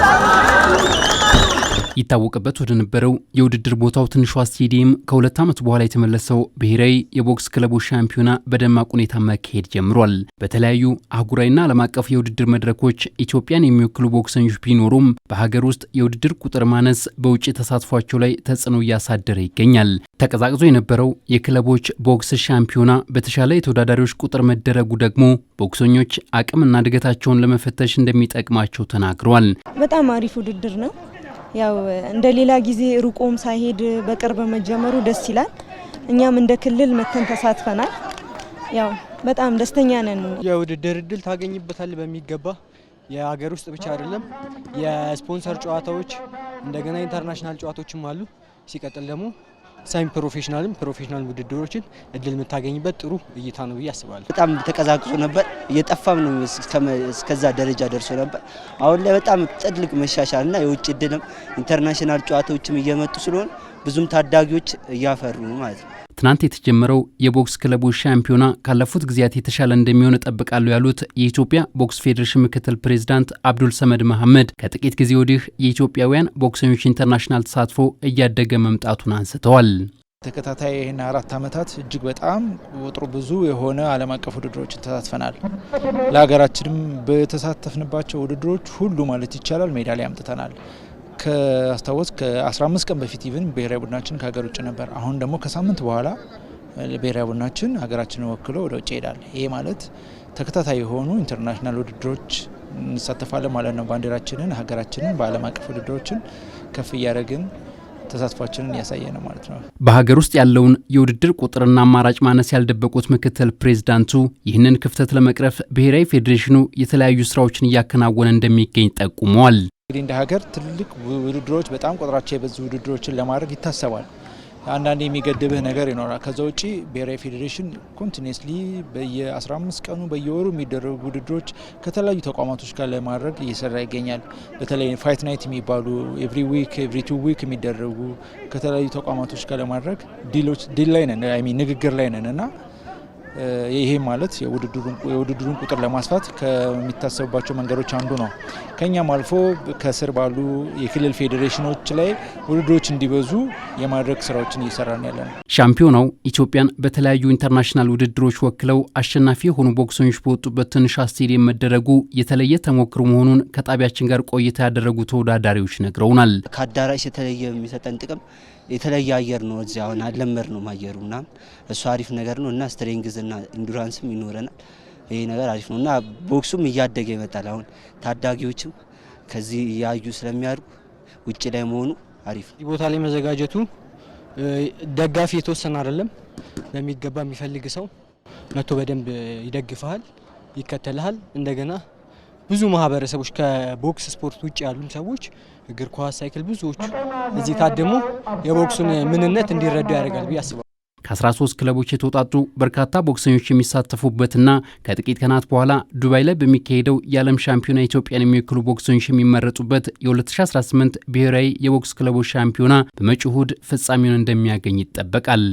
加油 ይታወቅበት ወደ ነበረው የውድድር ቦታው ትንሿ ስቴዲየም ከሁለት ዓመት በኋላ የተመለሰው ብሔራዊ የቦክስ ክለቦች ሻምፒዮና በደማቅ ሁኔታ መካሄድ ጀምሯል። በተለያዩ አህጉራዊና ዓለም አቀፍ የውድድር መድረኮች ኢትዮጵያን የሚወክሉ ቦክሰኞች ቢኖሩም በሀገር ውስጥ የውድድር ቁጥር ማነስ በውጭ ተሳትፏቸው ላይ ተጽዕኖ እያሳደረ ይገኛል። ተቀዛቅዞ የነበረው የክለቦች ቦክስ ሻምፒዮና በተሻለ የተወዳዳሪዎች ቁጥር መደረጉ ደግሞ ቦክሰኞች አቅምና እድገታቸውን ለመፈተሽ እንደሚጠቅማቸው ተናግረዋል። በጣም አሪፍ ውድድር ነው። ያው እንደ ሌላ ጊዜ ሩቆም ሳይሄድ በቅርብ መጀመሩ ደስ ይላል። እኛም እንደ ክልል መተን ተሳትፈናል። ያው በጣም ደስተኛ ነን። የውድድር እድል ታገኝበታል በሚገባ የሀገር ውስጥ ብቻ አይደለም፣ የስፖንሰር ጨዋታዎች እንደገና ኢንተርናሽናል ጨዋታዎችም አሉ። ሲቀጥል ደግሞ ሳይም ፕሮፌሽናልም ፕሮፌሽናል ውድድሮችን እድል የምታገኝበት ጥሩ እይታ ነው ብዬ አስባለሁ። በጣም ተቀዛቅዞ ነበር፣ እየጠፋም ነው እስከዛ ደረጃ ደርሶ ነበር። አሁን ላይ በጣም ጥልቅ መሻሻል እና የውጭ እድልም ኢንተርናሽናል ጨዋታዎችም እየመጡ ስለሆነ ብዙም ታዳጊዎች እያፈሩ ማለት ነው። ትናንት የተጀመረው የቦክስ ክለቦች ሻምፒዮና ካለፉት ጊዜያት የተሻለ እንደሚሆን እጠብቃለሁ ያሉት የኢትዮጵያ ቦክስ ፌዴሬሽን ምክትል ፕሬዚዳንት አብዱል ሰመድ መሐመድ ከጥቂት ጊዜ ወዲህ የኢትዮጵያውያን ቦክሰኞች ኢንተርናሽናል ተሳትፎ እያደገ መምጣቱን አንስተዋል። ተከታታይ ይህን አራት ዓመታት እጅግ በጣም ወጥሮ ብዙ የሆነ ዓለም አቀፍ ውድድሮችን ተሳትፈናል። ለሀገራችንም በተሳተፍንባቸው ውድድሮች ሁሉ ማለት ይቻላል ሜዳሊያ አምጥተናል። ከአስታወስ ከ15 ቀን በፊት ኢቭን ብሔራዊ ቡድናችን ከሀገር ውጭ ነበር። አሁን ደግሞ ከሳምንት በኋላ ብሔራዊ ቡድናችን ሀገራችንን ወክሎ ወደ ውጭ ይሄዳል። ይሄ ማለት ተከታታይ የሆኑ ኢንተርናሽናል ውድድሮች እንሳተፋለን ማለት ነው። ባንዲራችንን፣ ሀገራችንን በዓለም አቀፍ ውድድሮችን ከፍ እያደረግን ተሳትፏችንን እያሳየ ነው ማለት ነው። በሀገር ውስጥ ያለውን የውድድር ቁጥርና አማራጭ ማነስ ያልደበቁት ምክትል ፕሬዚዳንቱ ይህንን ክፍተት ለመቅረፍ ብሔራዊ ፌዴሬሽኑ የተለያዩ ስራዎችን እያከናወነ እንደሚገኝ ጠቁመዋል። እንግዲህ እንደ ሀገር ትልልቅ ውድድሮች በጣም ቁጥራቸው የበዙ ውድድሮችን ለማድረግ ይታሰባል። አንዳንድ የሚገድብህ ነገር ይኖራል። ከዛ ውጭ ብሔራዊ ፌዴሬሽን ኮንቲኒስሊ በየ15 ቀኑ በየወሩ የሚደረጉ ውድድሮች ከተለያዩ ተቋማቶች ጋር ለማድረግ እየሰራ ይገኛል። በተለይ ፋይት ናይት የሚባሉ ኤቭሪ ዊክ ኤቭሪ ቱ ዊክ የሚደረጉ ከተለያዩ ተቋማቶች ጋር ለማድረግ ዲል ላይ ነን፣ ንግግር ላይ ነን እና ይሄ ማለት የውድድሩን ቁጥር ለማስፋት ከሚታሰቡባቸው መንገዶች አንዱ ነው። ከኛም አልፎ ከስር ባሉ የክልል ፌዴሬሽኖች ላይ ውድድሮች እንዲበዙ የማድረግ ስራዎችን እየሰራን ያለ ነው። ሻምፒዮናው ኢትዮጵያን በተለያዩ ኢንተርናሽናል ውድድሮች ወክለው አሸናፊ የሆኑ ቦክሰኞች በወጡበት ትንሽ ስቴዲየም መደረጉ የተለየ ተሞክሮ መሆኑን ከጣቢያችን ጋር ቆይታ ያደረጉ ተወዳዳሪዎች ነግረውናል። ከአዳራሽ የተለየ የሚሰጠን ጥቅም የተለየ አየር ነው። እዚያ አሁን አለመድ ነው ማየሩ ምናምን፣ እሱ አሪፍ ነገር ነው እና ስትሬንግዝ እና ኢንዱራንስም ይኖረናል ይሄ ነገር አሪፍ ነው እና ቦክሱም እያደገ ይመጣል። አሁን ታዳጊዎችም ከዚህ እያዩ ስለሚያድጉ ውጭ ላይ መሆኑ አሪፍ ነው። ቦታ ላይ መዘጋጀቱ ደጋፊ የተወሰነ አይደለም፣ በሚገባ የሚፈልግ ሰው መቶ በደንብ ይደግፈሃል፣ ይከተልሃል። እንደገና ብዙ ማህበረሰቦች ከቦክስ ስፖርት ውጭ ያሉም ሰዎች እግር ኳስ፣ ሳይክል ብዙዎች እዚህ ታድሞ የቦክሱን ምንነት እንዲረዱ ያደርጋል ብዬ አስባለሁ። ከ13 ክለቦች የተውጣጡ በርካታ ቦክሰኞች የሚሳተፉበትና ከጥቂት ቀናት በኋላ ዱባይ ላይ በሚካሄደው የዓለም ሻምፒዮና ኢትዮጵያን የሚወክሉ ቦክሰኞች የሚመረጡበት የ2018 ብሔራዊ የቦክስ ክለቦች ሻምፒዮና በመጪው እሁድ ፍጻሜውን እንደሚያገኝ ይጠበቃል።